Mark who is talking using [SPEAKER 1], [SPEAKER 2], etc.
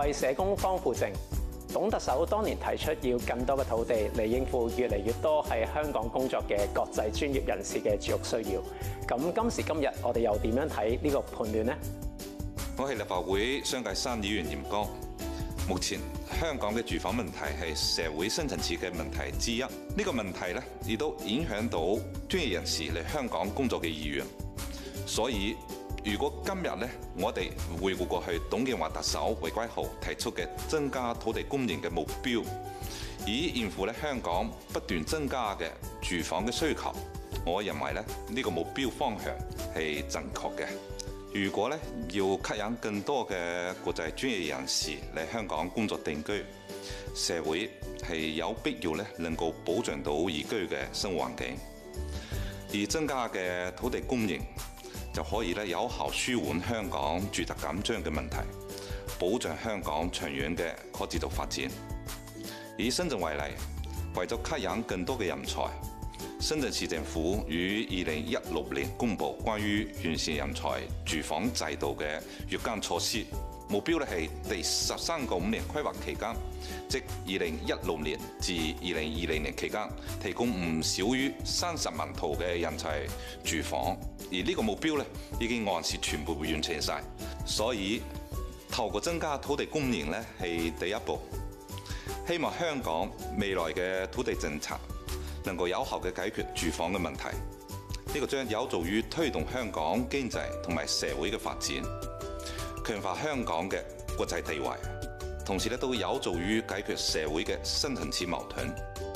[SPEAKER 1] 為社工方富正，董特首當年提出要更多嘅土地嚟應付越嚟越多喺香港工作嘅國際專業人士嘅住屋需要。咁今時今日，我哋又點樣睇呢個判斷呢？
[SPEAKER 2] 我係立法會商界三議員嚴剛。目前香港嘅住房問題係社會深層次嘅問題之一，呢、這個問題咧亦都影響到專業人士嚟香港工作嘅意願，所以。如果今日咧，我哋回顧過去董建華特首回歸後提出嘅增加土地供應嘅目標，以應付咧香港不斷增加嘅住房嘅需求，我認為咧呢個目標方向係正確嘅。如果咧要吸引更多嘅國際專業人士嚟香港工作定居，社會係有必要咧能夠保障到宜居嘅生活環境，而增加嘅土地供應。可以咧有效舒緩香港住宅緊張嘅問題，保障香港長遠嘅可持續發展。以深圳為例，為咗吸引更多嘅人才，深圳市政府於二零一六年公布關於完善人才住房制度嘅若干措施。目標咧係第十三個五年規劃期間，即二零一六年至二零二零年期間，提供唔少於三十萬套嘅人才住房。而呢個目標咧已經按時全部完成晒，所以透過增加土地供應咧係第一步，希望香港未來嘅土地政策能夠有效嘅解決住房嘅問題，呢、這個將有助於推動香港經濟同埋社會嘅發展。強化香港嘅國際地位，同時咧都有助於解決社會嘅深層次矛盾。